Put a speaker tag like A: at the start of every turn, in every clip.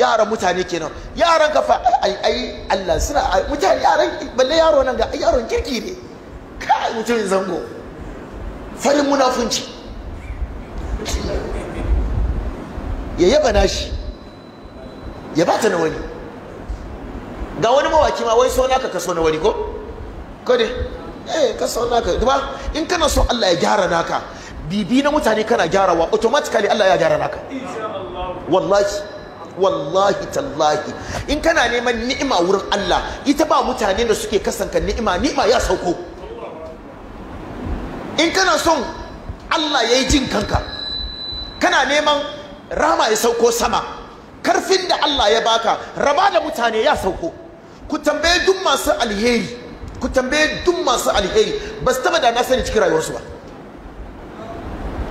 A: yaran mutane kenan yaran kafa ai ai Allah suna mutane yaran balle yaro nan ga yaron kirki ne kai mutum zango farin munafunci ya yaba nashi ya bata na wani ga wani mawaki ma wai so naka kaso na wani ko ko dai eh kaso naka duba in kana so Allah ya gyara naka bibi na mutane kana gyarawa automatically Allah ya gyara naka wallahi wallahi tallahi in kana neman ni'ima wurin Allah ita ba mutane da suke kasanka ni'ima ni'ima ya sauko in kana son Allah ya yi jin kanka kana neman rama ya sauko sama karfin da Allah ya baka raba da mutane ya sauko ku tambaye duk masu alheri ku tambaye duk masu alheri ba su taba da na sani cikin rayuwarsu ba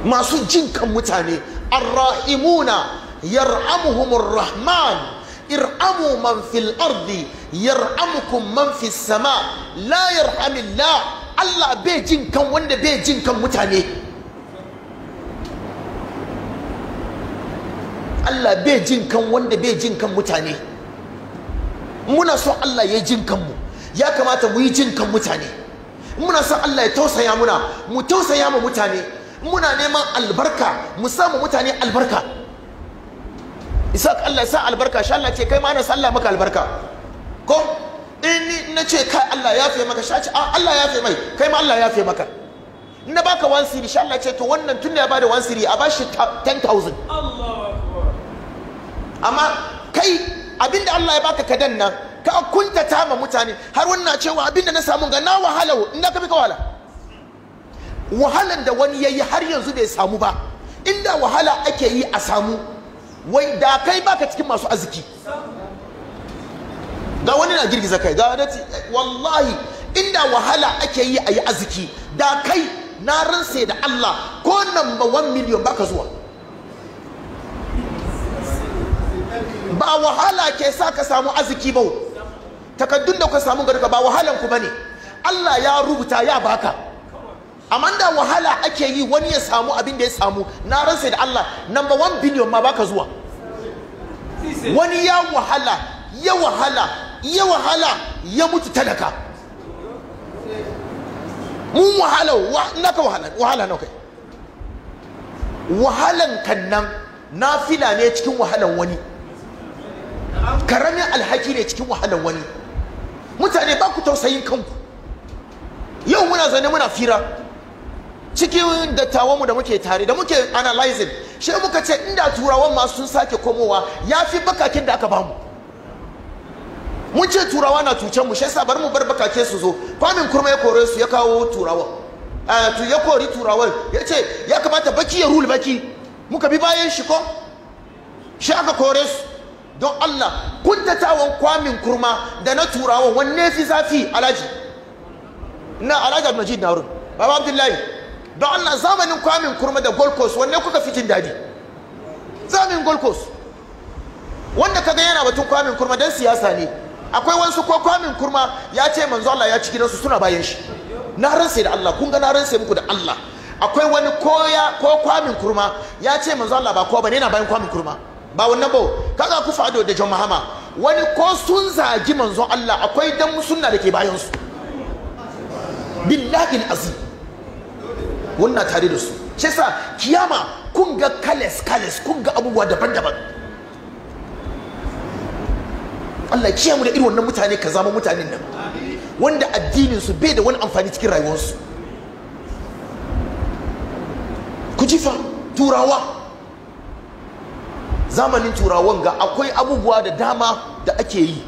A: masu jin kan mutane arrahimuna yarhamuhumur rahman ir'amu man fil ardi yar'amukum man fis sama la yarhamillah Allah bai jin kan wanda bai jin kan mutane Allah bai jin kan wanda bai jin kan mutane muna so Allah ya jin kanmu ya kamata mu yi jin kan mutane muna so Allah ya tausaya muna mu tausaya mu mutane muna neman albarka mu samu mutane albarka isa Allah sa albarka sha Allah ce kai ma na sallah maka albarka ko in ni na ce kai Allah ya fiye maka sha ce a ah, Allah ya fiye mai kai ma Allah ya fiye maka na baka wan siri sha Allah ce to wannan tunda ya bada wan siri a bashi 10000 amma kai abinda Allah ya baka kadan nan ka kuntata ma mutane har wannan cewa abinda na samu ga na wahala in da ka bi ka wahala wahalan da wani yayi har yanzu bai samu ba inda wahala ake yi a samu wai da kai baka cikin masu arziki ga wani na girgiza kai ga wani wallahi inda wahala ake yi a yi arziki da kai na ransa da Allah ko number 1 million baka zuwa ba wahala ke sa ka samu arziki ba takaddun da ka samu garka ba wahalan ku bane Allah ya rubuta ya baka amma da wahala ake yi wani ya samu abin da ya samu na ransa da Allah number 1 billion ma baka zuwa wani ya wahala ya wahala ya wahala ya mutu talaka mun wahala naka wahala wahala na kai wahalan kan nan nafila ne cikin wahalan wani karamin alhaki ne cikin wahalan wani mutane ba ku tausayin kanku yau muna zane muna fira cikin dattawanmu da muke tare da muke analyzing she muka ce inda turawan masu sun sake komowa ya fi bakakin da aka bamu mun ce turawa na tucen mu shi yasa mu bar bakake su zo kwamin kurma ya kore su ya kawo turawan eh, ya kori turawan ya ce ya kamata baki ya rule baki muka bi bayan shi ko shi aka kore su don Allah kuntatawan kwamin kurma da na turawan wanne fi zafi alaji na alaji majid na wurin baba abdullahi don Allah zamanin kwamin kurma da gold coast wanne kuka fi jin daɗi zamanin gold coast wanda kaga yana batun kwamin kurma dan siyasa ne akwai wasu ko kwamin kurma ya ce manzo Allah ya ci gidansu suna bayan shi na ransa da Allah kun ga na ransa muku da Allah akwai wani koya ko kwamin kurma ya ce manzo Allah ba ko bane yana bayan kwamin kurma ba wannan ba kaga ku fado da jama'a wani ko sun zagi manzo Allah akwai dan sunna da ke bayan su billahi azim wannan tare da su shi sa kiyama kun ga kales kales kun ga abubuwa daban-daban Allah ya kiyamu da irin wannan mutane ka zama mutanen nan wanda addinin su bai da wani amfani cikin rayuwarsu ku jifa turawa zamanin turawan ga akwai abubuwa da dama da ake yi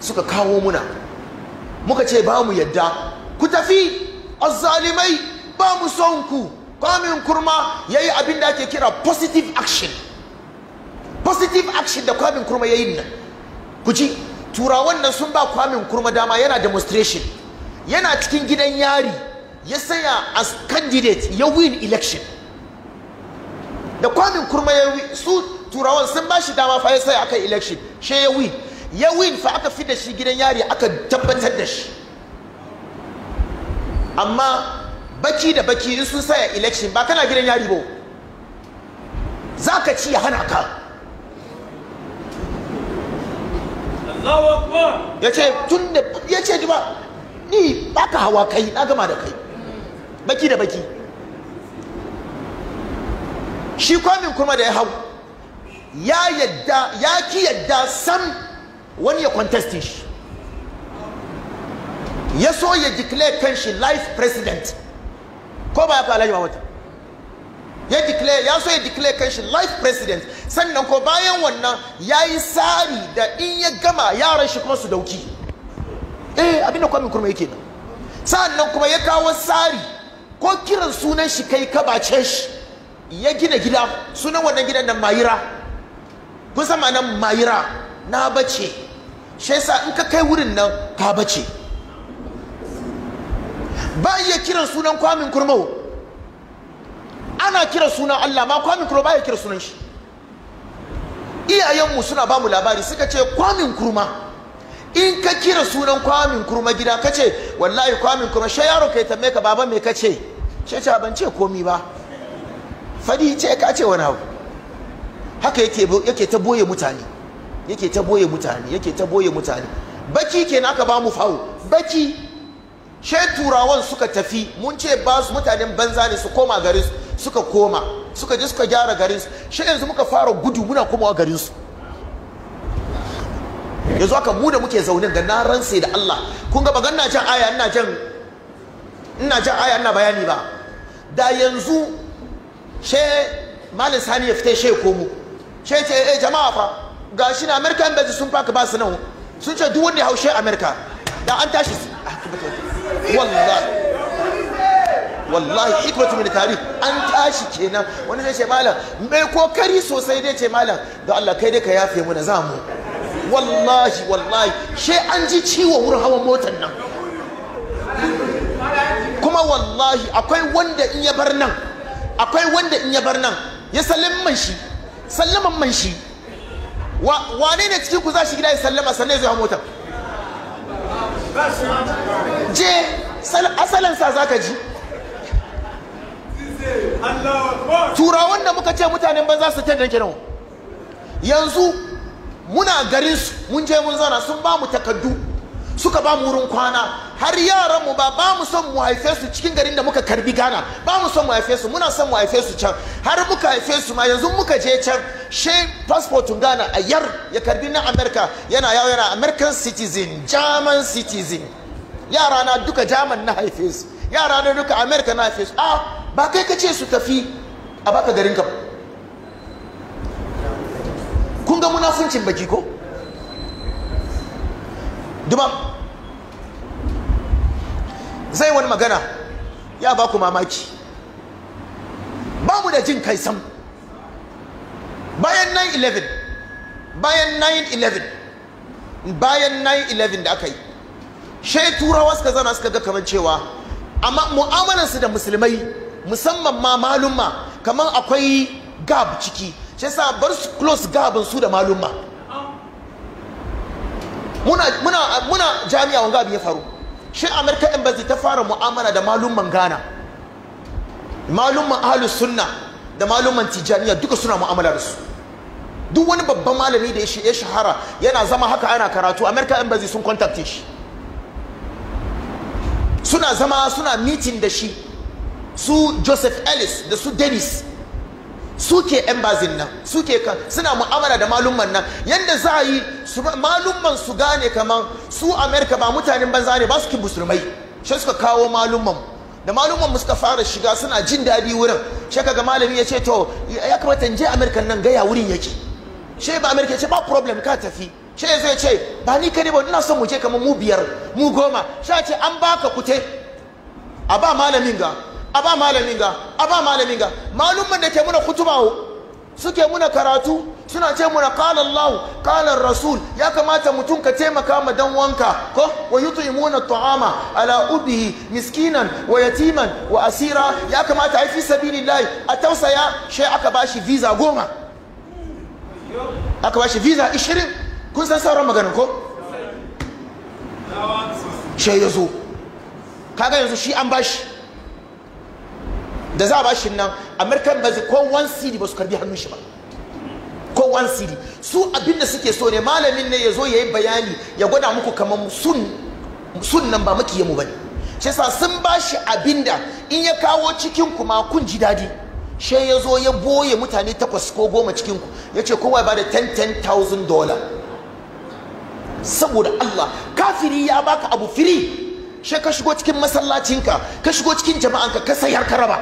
A: suka kawo muna muka ce ba mu yadda ku tafi azzalimai ba mu son ku kwamin kurma ya yi abin da ake kira positive action positive action da kwamin kurma ya yi nan ku ji turawan nan sun ba kwamin kurma dama yana demonstration yana cikin gidan yari ya saya as candidate ya win election da kwamin kurma ya su turawan sun ba shi dama fa ya saya aka election shi ya win ya win fa aka fi da shi gidan yari aka tabbatar da shi amma baki da baki in sun saya election ba kana gidan yari ba za ka ci ya hana ka ya ce tun da ya ce ni ba ka hawa kai na gama da kai baki da baki shi kwamin kuma da ya hau ya yadda ya ki yadda sam wani ya contestin shi ya so ya declare kanshi life president ko ba ka alhaji mahmud ya declare ya so ya declare kan shi life president sannan ko bayan wannan ya yi tsari da in ya gama yaran shi kuma su dauki eh abin da kwamin kurma yake nan sannan kuma ya kawo tsari ko kiran sunan shi kai bace shi ya gina gida sunan wannan gidan nan mayira kun san ma'anar mayira na bace shi yasa in ka kai wurin nan ka bace ba iya kiran sunan kwamin kurmau ana kira sunan Allah ma kwamin kurma ba ya kira sunan shi iyayenmu suna ba mu labari suka ce kwamin kurma in ka kira sunan kwamin kurma gida ka ce wallahi kwamin kurma shi yaro ka yi tambaye ka baban me ka ce shi ce ban ce komi ba fadi ce ka ce wani abu haka yake yake ta boye mutane yake ta boye mutane yake ta boye mutane baki kenan aka ba mu fawo baki she turawan suka tafi mun ce ba su mutanen banza ne su koma garin su suka koma suka je suka gyara garin su she yanzu muka fara gudu muna komawa garin su yanzu aka mu da muke zaune ga na ransa da Allah kun ga bagan na jan aya ina jan ina jan aya ina bayani ba da yanzu she malin sani ya fita she komo she ce eh jama'a fa gashi na American Embassy sun faka ba su nan sun ce duk wanda ya haushe America da an tashi ah, wallahi wallahi hikmatu min tarih an tashi kenan wani zai ce malam mai kokari sosai dai ce malam da Allah kai dai ka yafe mu na za mu wallahi wallahi she an ji ciwo wurin hawan motar nan kuma wallahi akwai wanda in ya bar nan akwai wanda in ya bar nan ya sallaman shi sallama man shi wane ne cikin ku za shi gida ya sallama sannan zai hawan motar je asalinsa za ka ji turawan da muka ce mutanen banza su ta na kiran yanzu muna garinsu mun je mun zana sun ba mu takaddu suka ba mu wurin kwana har yaran mu ba ba mu son mu haife su cikin garin da muka karbi gana ba mu son mu haife su muna son mu haife su can har muka haife su ma yanzu muka je can she passportin gana a yar ya karbi na amerika yana yawo yana American citizen German citizen yara na duka jaman na haife su yara na duka amerika na haife su a ba kai ka ce su tafi a baka garin ka kun ga munafuncin baki ko dumam zai wani magana ya ba ku mamaki ba mu da jin kai sam bayan 9-11 bayan 9-11 bayan 9-11 da aka yi shai turawa suka zana suka ga kamar cewa amma mu'amalarsu da musulmai musamman ma malumma kamar akwai gab ciki shi sa bar su close gabin su da malumma muna muna muna jami'a wanga abin ya faru shi america embassy ta fara mu'amala da malumman ghana malumman ahlus sunna da malumman tijaniya duka suna mu'amala da su duk wani babban malami da ya shahara yana zama haka ana karatu america embassy sun contacte shi suna zama suna mitin da shi su joseph ellis da su dennis su ke embazin nan su ke kan suna mu'amala da malumman nan yadda za a yi malumman su gane kaman su amerika ba mutanen banza ne ba su ki musulmai shi suka kawo malumman da malumman mu suka fara shiga suna jin daɗi wurin shi ga malami ya ce to ya kamata in je amerika nan gaya wurin yake shi ba amerika ce ba problem ka tafi ce zai ce ba ni kare ba ina son mu je kamar mu biyar mu goma sha ce an baka kute a ba malamin ga a ba malamin ga a ba malamin ga malumman da ke muna kutuba suke muna karatu suna ce muna qala Allah qala Rasul ya kamata mutum ka taimaka ma dan wanka ko wa yut'imuna at'ama ala ubihi miskinan wa yatiman wa asira ya kamata ai fi sabilillahi a tausaya shi aka bashi visa goma aka bashi visa 20 kun san sauran maganin ko she ya zo kaga yanzu shi an bashi da za a bashi nan american bazi ko one cd ba su karbi hannun shi ba ko one cd su abinda suke so ne malamin ne ya zo ya yi bayani ya gwada muku kamar sun nan ba yamu ba ne shi sa sun bashi abin da in ya kawo cikin kuma kun ji daɗi shi ya zo ya boye mutane takwas ko goma cikin ku ya ce kowa ba da 10,000 dollar saboda Allah kafiri ya baka abu firi shi ka shigo cikin masallacinka ka shigo cikin jama'anka ka sayar ka raba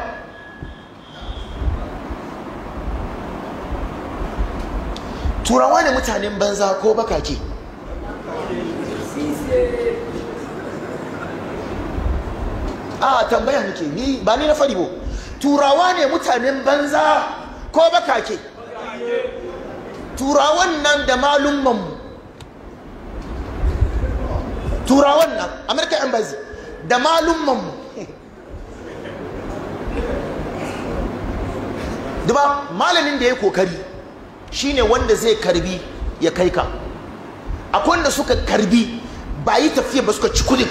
A: turawa ne mutanen banza ko bakake a tambaya nake ni ba ni na fari bo turawa ne mutanen banza ko bakake turawan nan da malumman mu turawan nan america embassy da malumman mu duba malamin da ya kokari shine wanda zai karbi ya kai ka akwai wanda suka karbi ba yi tafiya ba suka ci kudin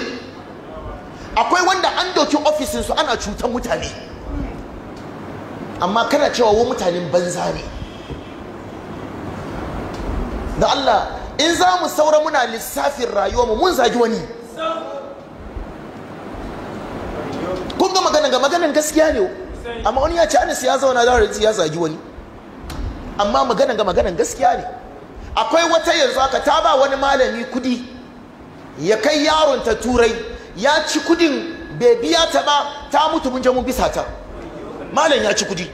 A: akwai wanda an doki ofisinsu ana cutar mutane amma kana cewa wa mutanen banza ne da Allah in za mu saura muna lissafin rayuwa mu mun zagi wani kun ga maganan ga maganan gaskiya ne amma wani ya ce anas ya zauna da ya zagi wani amma maganan ga maganan gaskiya ne akwai wata yanzu aka ta ba wani malami kudi ya kai yaron ta turai ya ci kudin bai biya ta ba ta mutu mun je mun bisa ta malam ya ci kudi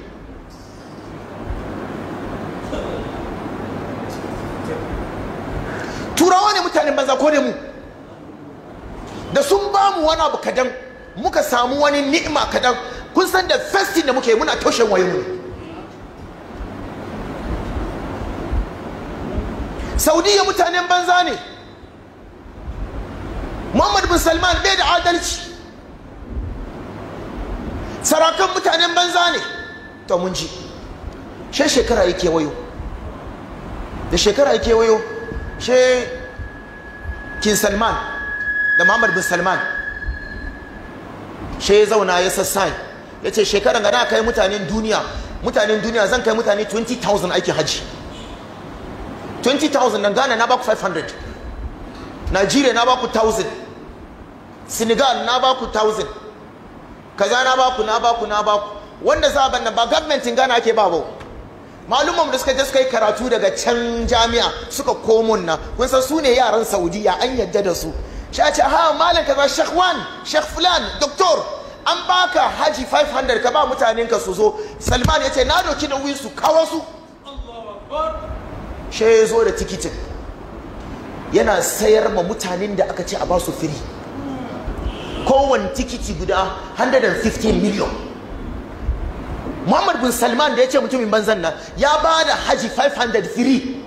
A: turawa ne mutanen banza ko ne mu da sun ba mu wani abu kadan muka samu wani ni'ima kadan kun san da festin da muke muna toshe wayo mu saudiya mutanen banza ne muhammad bin salman bai da adalci sarakan mutanen banza ne to mun ji shekara yake wayo da shekara yake wayo ce kin salman da muhammad bin salman she zauna ya sassai ya ce shekaran gana kai mutanen duniya mutanen duniya zan kai mutane 20,000 aiki hajji 20,000 nan ghana na baku 500 nigeria na baku 1,000 senegal na baku 1,000 kaza na baku na baku na baku wanda za a banna ba gabmentin ghana ake ba malumman da suka je suka yi karatu daga can jami'a suka komo nan kun san su ne yaran saudiya an yadda da su shi ce ha malam kaza shekh wan shekh fulan doktor an baka haji 500 ka ba mutanen ka su zo salman ya ce na doki da su kawo su shi ya zo da tikitin yana sayar ma mutanen da aka ce a ba su firi kowane tikiti guda 115 miliyan Muhammad bin Salman da ya ce mutumin banzan nan ya ba da haji 503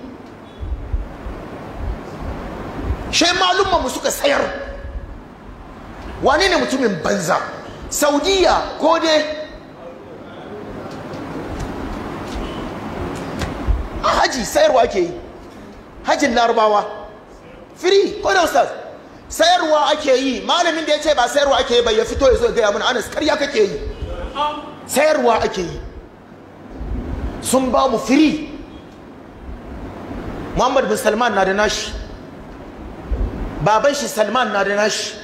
A: shai malumma mu suka sayar wani ne mutumin banza saudiya ko dai a haji sayarwa ake yi hajin larabawa free ko da ustaz sayarwa ake yi malamin da ya ce ba sayarwa ake yi bai ya fito ya zo gaya mana anas karya kake yi sayarwa ake yi sun ba mu firi muhammad bin salman na da nashi baban shi salman na da nashi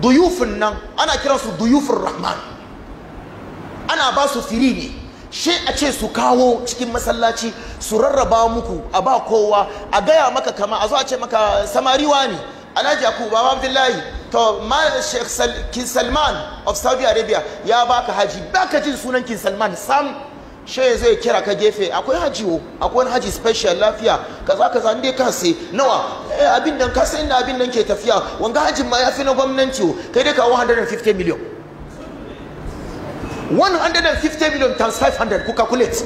A: duyufin nan ana kiransu duyufin rahman ana ba su firi ne she a ce su kawo cikin masallaci su rarraba muku a ba kowa a gaya maka kama a zo a ce maka samariwa ne alhaji yakubu baba abdullahi to sheikh king salman of saudi arabia ya baka haji baka jin sunan king salman sam she zai kira ka gefe akwai haji wo akwai haji special lafiya kaza kaza inda ka sai nawa eh abin nan ka sai ina abin nan ke tafiya wanga hajin ma ya fi na gwamnati wo kai dai ka 150 million 150 million times 500 ku calculate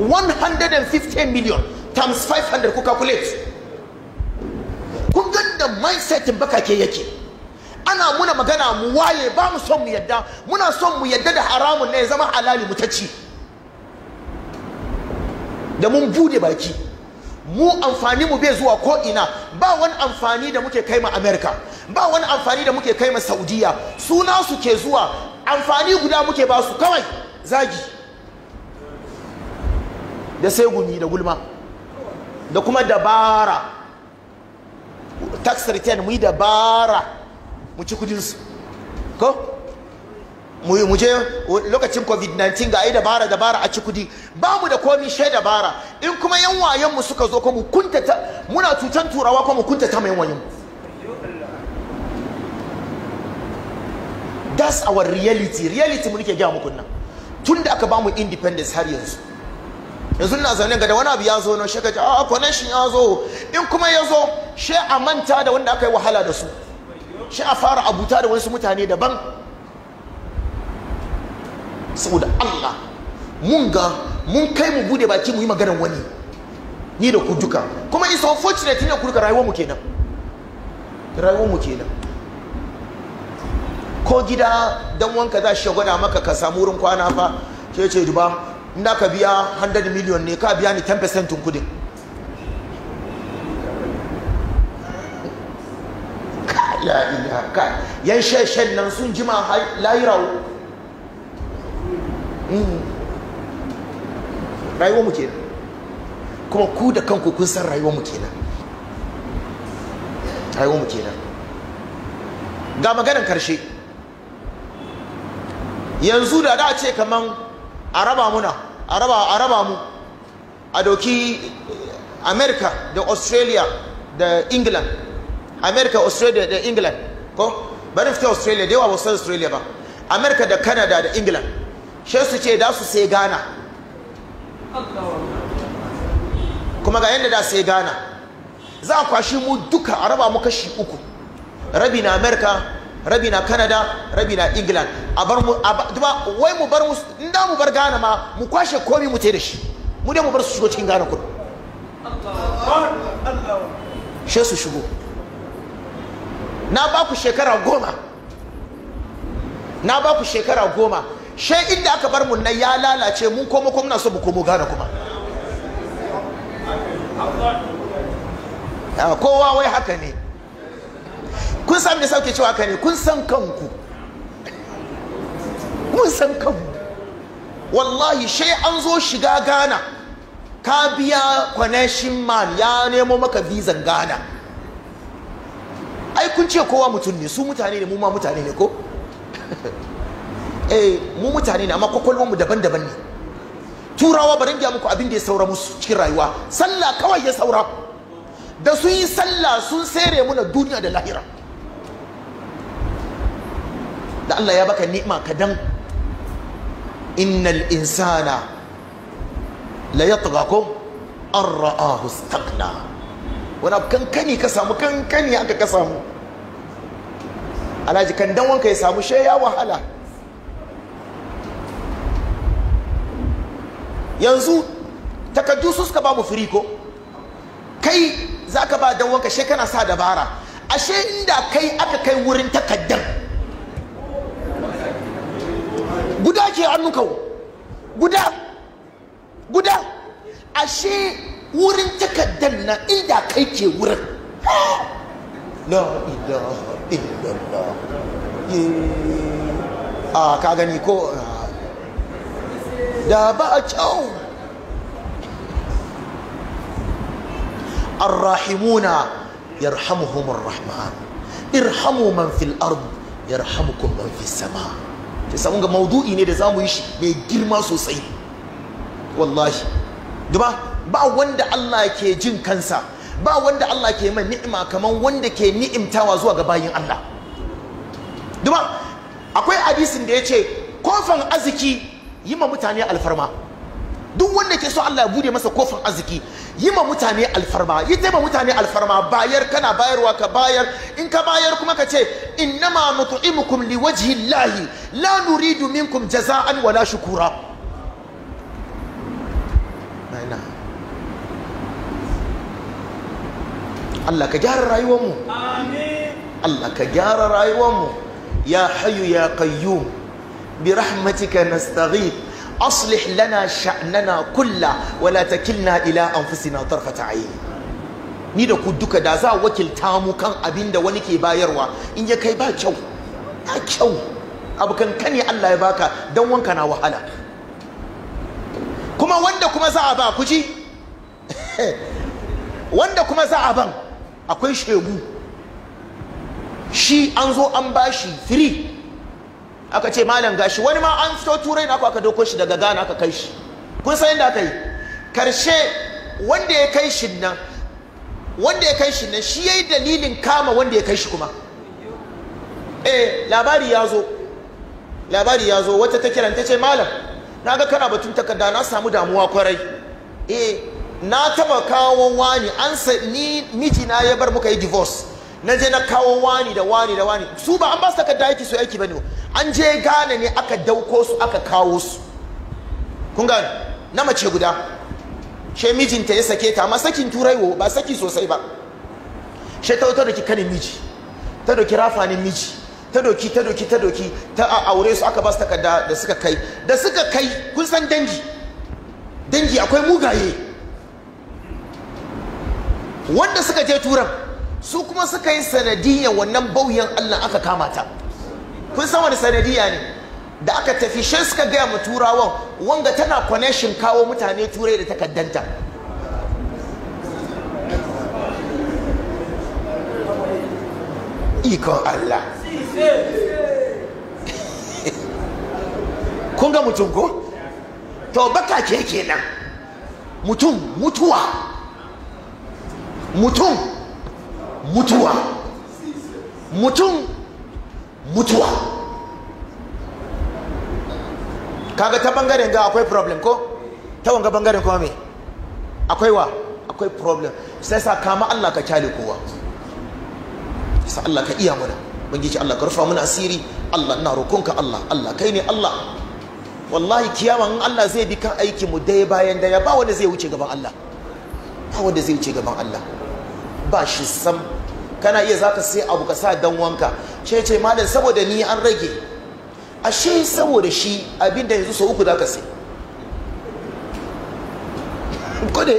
A: 150 million times 500 ku calculate kun ga da baka bakake yake ana muna magana mu waye ba mu son mu yadda muna son mu yadda da haramun ne zama halali mu ta da mun bude baki mu amfani mu bai zuwa ko ina ba wani amfani da muke kai ma America ba wani amfani da muke kai ma Saudiya suna su ke zuwa amfani guda muke ba su kawai zagi da sai gumi da gulma da kuma dabara tax return mu yi dabara mu ci kudinsu ko mu je lokacin covid-19 ga ai dabara dabara a ci kudi ba mu da komi shai dabara in kuma yan wayen mu suka zo ko mu kuntata muna cutan turawa ko mu kuntata mai wayen mu that's our reality reality mu nake gaya muku nan tun da aka bamu independence har yanzu yanzu na zaune ga da wani abu ya zo na shi ka a ah, connection ya zo in kuma ya zo shi a manta da wanda aka yi wahala da su shi a fara abuta da wasu mutane daban saboda Allah mun ga mun kai mu bude baki mu yi maganar wani ni da ku duka kuma so fortunate ne ku duka rayuwar mu kenan rayuwar mu kenan ko gida dan wanka za shi gwada maka ka samu wurin kwana fa ke ce duba inda ka biya 100 million ne ka biya ni 10% kudin la ilaha kai yan sheshen nan sun jima layirawo mm. rayuwar mu kenan kuma ku da kanku kun san rayuwar mu kenan rayuwar mu kenan ga maganar karshe yanzu da da ce kaman a raba muna a raba a raba mu a doki eh, america da australia da england america australia da england ko bari fita australia da yawa ba san australia ba america da canada da england shi su ce da su sai ghana kuma ga yadda da sai ghana za a kwashi mu duka a raba mu kashi uku rabi na america rabi na canada rabi na england a bar mu ba wai mu bar musu in da mu bar gana ma mu kwashe komi mu tai da shi mu dai mu bar su shigo cikin gana kudu she su shigo na ba ku shekara goma na ba ku shekara goma she inda aka bar mu na ya lalace mun komo komo muna so mu komo gana kuma ah, kowa wai haka ne kun san da sauke cewa ne kun san kanku kun san kanku wallahi shai an zo shiga Ghana ka biya connection man ya nemo maka visa Ghana ai kun ce kowa mutum ne su mutane ne mu ma mutane ne ko eh mu mutane ne amma mu daban-daban ne turawa bari gya muku abin da ya saura musu cikin rayuwa sallah kawai ya saura da sun yi sallah sun sere muna duniya da lahira da Allah ya baka ni'ima kadan innal insana la yatgha ko an ra'ahu istaqna wani abu kankani ka samu kankani aka ka samu alhaji kan dan wanka ya samu she ya wahala yanzu takaddu su suka babu firi ko kai zaka ba dan wanka she kana sa dabara ashe inda kai aka kai wurin takaddu hannunka kawo guda guda ashe wurin takaddan na inda kai ke wurin la ilaha illallah ye a ka gani ko da ba a kyau الراحمون يرحمهم الرحمن ارحموا من في الارض يرحمكم من في السماء ki samu ga maudu'i ne da za mu yi shi mai girma sosai wallahi duba ba wanda Allah ke jin kansa ba wanda Allah ke mai ni'ima kamar wanda ke ni'imtawa zuwa ga bayin Allah duba akwai hadisin da ya ce kofan aziki yi ma mutane alfarma duk wanda ke so Allah ya bude masa kofin arziki yi ma mutane alfarma yi ta ma mutane alfarma bayar kana bayarwa ka bayar in ka bayar kuma ka ce innama nut'imukum liwajhi llahi la nuridu minkum jaza'an wala shukura Allah ka gyara rayuwar mu amin Allah ka gyara rayuwar mu ya hayyu ya qayyum bi rahmatika nastaghith aslih lana sha'nana kulla wala takilna ila anfusina tarfata ayni ni da ku duka da za wakilta mu kan abin da wani ke bayarwa in ya kai ba kyau ba kyau abu kankani Allah ya baka dan wanka na wahala kuma wanda kuma za a ba ku ji wanda kuma za a ban akwai shegu shi an zo an bashi free aka ce malam gashi wani ma an fito turai na aka doko shi daga Ghana aka kai shi kun san inda aka yi karshe wanda ya kai shi nan wanda ya kai shi nan shi yayi dalilin kama wanda ya kai shi kuma eh labari ya zo labari ya zo wata ta kiran ta ce malam na ga kana batun takarda na samu damuwa kwarai eh na taba kawo wani an ni mijina ya bar muka yi divorce na je na kawo wani da wani da wani su ba an ba su takarda aiki su aiki bane an je gane ne aka dauko su aka kawo su kun gane na mace guda she mijinta ya sake ta amma sakin turai wo ba saki sosai ba she ta wuta doki kanin miji ta doki rafanin miji ta doki ta doki ta doki ta aure su aka ba su takarda da suka kai da suka kai kun san dangi dangi akwai mugaye wanda suka je turan su kuma suka yi sanadiyya wannan bauyan Allah aka kama ta kun san wani sanadiyya ne da aka tafi shi suka gaya mu turawan wanga tana connection kawo mutane turai da takaddanta ikon Allah kun ga mutum ko to baka ke kenan mutum mutuwa mutum mutuwa mutum mutuwa kaga ta bangaren ga akwai problem ko ta wanga bangaren kuma me akwai wa akwai problem sai sa kama Allah ka kyale kowa sai Allah ka iya mana ubangiji Allah ka rufa mana asiri Allah ina rokonka Allah Allah kai ne Allah wallahi kiyama in Allah zai bi kan aiki mu daya bayan daya ba wanda zai wuce gaban Allah ba wanda zai wuce gaban Allah ba shi sam kana iya zaka sai abu ka sa dan wanka ce ce malam saboda ni an rage ashe saboda shi abinda yanzu sau uku zaka sai ne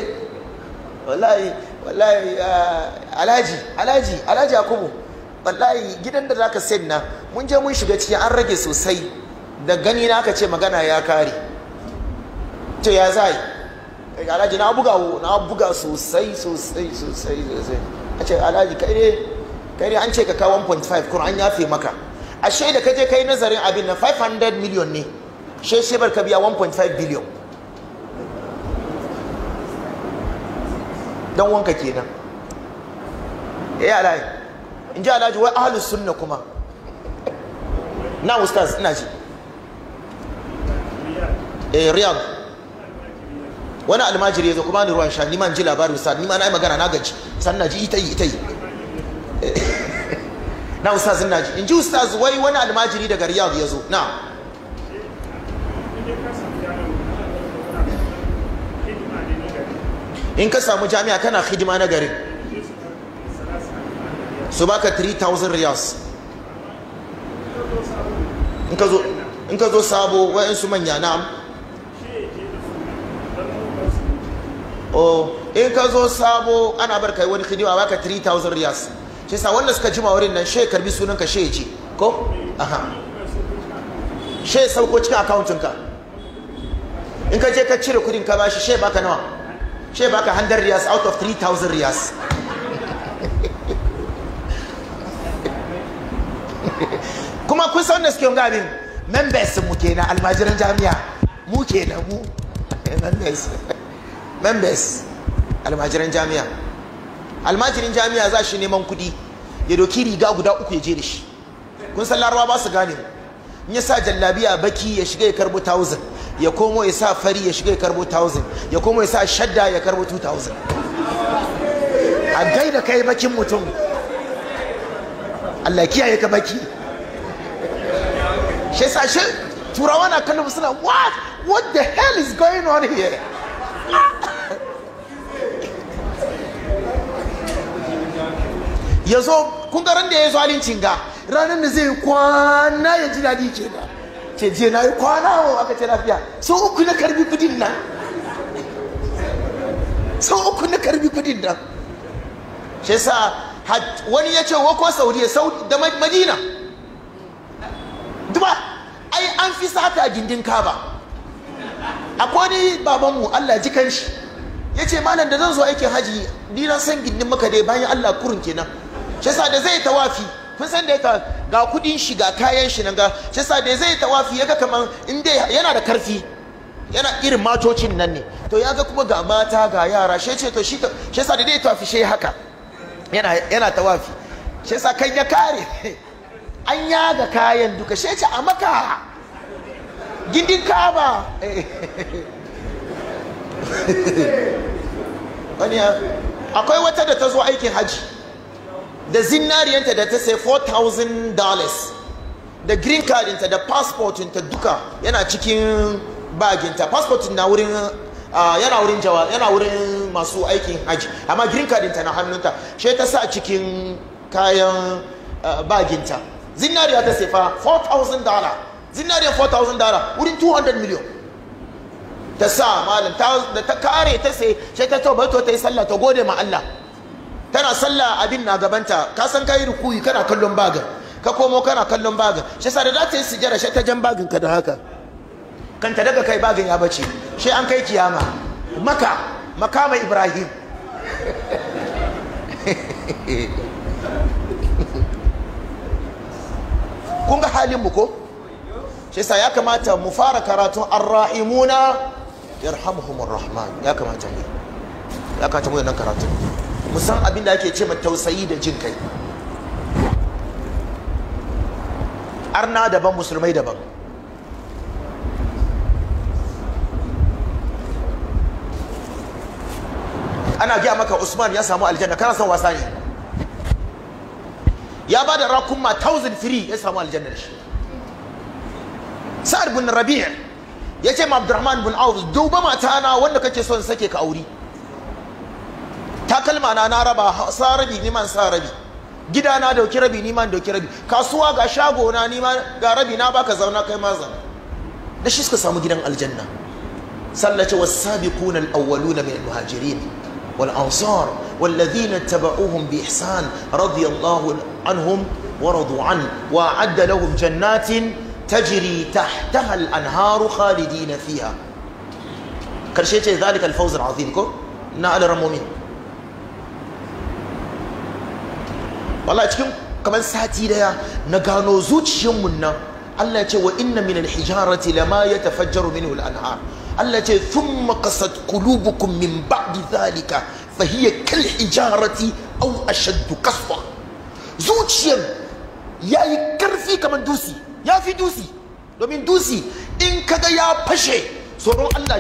A: wallahi wallahi eh, alhaji alhaji alhaji akubu wallahi gidan da zaka sai na mun je mun shiga ciki an rage sosai da gani na aka ce magana ya kare to ya zai Eh, alhaji na buga na buga sosai sosai sosai sosai a ce alhaji kai ne kai ne an ce ka kawo 1.5 kuma an yafe maka a shaida da kaje kai nazarin abin na 500 million ne she she bar ka biya 1.5 billion dan wanka kenan eh alhaji in ji alhaji wai ahlus sunna kuma na ustaz ina ji eh riyadh wani almajiri ya zo kuma ni ruwan sha ni man ji labarin sa ni ma na yi magana na gaji san na ji ita yi ita yi na ustazin na ji in ji ustaz wai wani almajiri daga riyadh ya zo na in ka samu jami'a kana hidima na garin su baka 3000 riyals in ka zo sabo wa'insu manya na'am Oh in ka zo sabo ana bar kai wani khidima baka 3000 riyas shi sa wanda suka jima wurin nan she karbi sunan ka she ce ko aha she sauko cikin akauntin ka in ka je ka cire kudin ka bashi she baka nawa she baka 100 riyas out of 3000 riyas kuma kun san da suke yin gabin members mu kenan almajiran jami'a mu kenan mu members members almajiran jami'a almajirin jami'a za shi neman kudi ya doki riga guda uku ya je da shi kun san larawa ba su gane in ya sa jallabiya baki ya shiga ya karbo 1000 ya komo ya sa fari ya shiga ya karbo 1000 ya komo ya sa shadda ya karbo 2000 a gaida kai bakin mutum Allah kiyaye ka baki shi sa shi turawa na kallon suna what what the hell is going on here ya zo kun ga ran da ya zo alincin ga ranar da zai kwana ya ji daɗi ke da ce je na yi kwana wa aka ce lafiya sau uku na karbi kudin nan sau uku na karbi kudin nan shi sa wani ya ce sauri ko sau da madina duba ai an fi sata a gindin kaba a ni babanmu allah ji kan shi ya ce malam da zan zo aikin haji ni na san gindin maka dai bayan allah kurun kenan shi yasa da zai tawafi kun san da ya ga kudin shi ga kayan shi nan ga shi yasa da zai tawafi yaga kaman in dai yana da karfi yana irin matocin nan ne to ya ga kuma ga mata ga yara shi ce to shi shi yasa da zai tawafi shi haka yana yana tawafi shi yasa kan ya kare an yaga kayan duka shi ce a maka gindin kaba wani akwai wata da ta zo aikin haji da zinariyanta da ta sai 4000 dollars da green cardinta da passportinta duka yana cikin baginta passportin na wurin yana wurin jawa yana wurin masu aikin haji amma green cardinta na hannunta shi ta sa cikin kayan baginta zinariya ta sefa 4000 dollar zinariya 4000 dollars wurin 200 million ta sa malam ta kare ta sai shi ta to ta yi sallah ta gode ma Allah tana sallah abin na gabanta ka san kai rukuyi kana kallon bagan ka komo kana kallon bagan shi yasa da za ta yi sujjada shi ta jan bagin ka da haka kanta daga kai bagin ya bace shi an kai kiyama maka makama ibrahim kun ga halin mu ko shi yasa ya kamata mu fara karatun arrahimuna yarhamuhumur rahman ya kamata mu ya kamata mu nan karatun mu san abin da ake ce ma tausayi da jin kai arna daban musulmai daban ana giya maka usman ya samu aljanna kana son wasa ne ya ba da rakunma 1003 ya samu aljanna da shi sa'ad bin rabi'a ya ce ma abdurrahman bin auf duba matana wanda kake son sake ka aure takalma na na raba sa rabi niman sa rabi gida na dauki rabi niman dauki rabi kasuwa ga shago na nima ga rabi na baka zauna kai ma zauna da shi suka samu gidan aljanna sallace wasabiquna alawwaluna min almuhajirin wal ansar والذين اتبعوهم بإحسان رضي الله عنهم ورضوا عنه وأعد لهم جنات تجري تحتها الأنهار خالدين فيها كرشيتي ذلك الفوز العظيم كو نعلم مؤمن wallahi cikin kamar sati daya na gano mun nan Allah ya ce wa inna min al-hijarati lama yatafajjaru minhu al-anhar Allah ya ce thumma qasat qulubukum min ba'di dhalika fa hiya kal hijarati aw ashadd qaswa zuciyar yayi karfi kamar dusi ya fi dusi domin dusi in kaga ya fashe tsoron Allah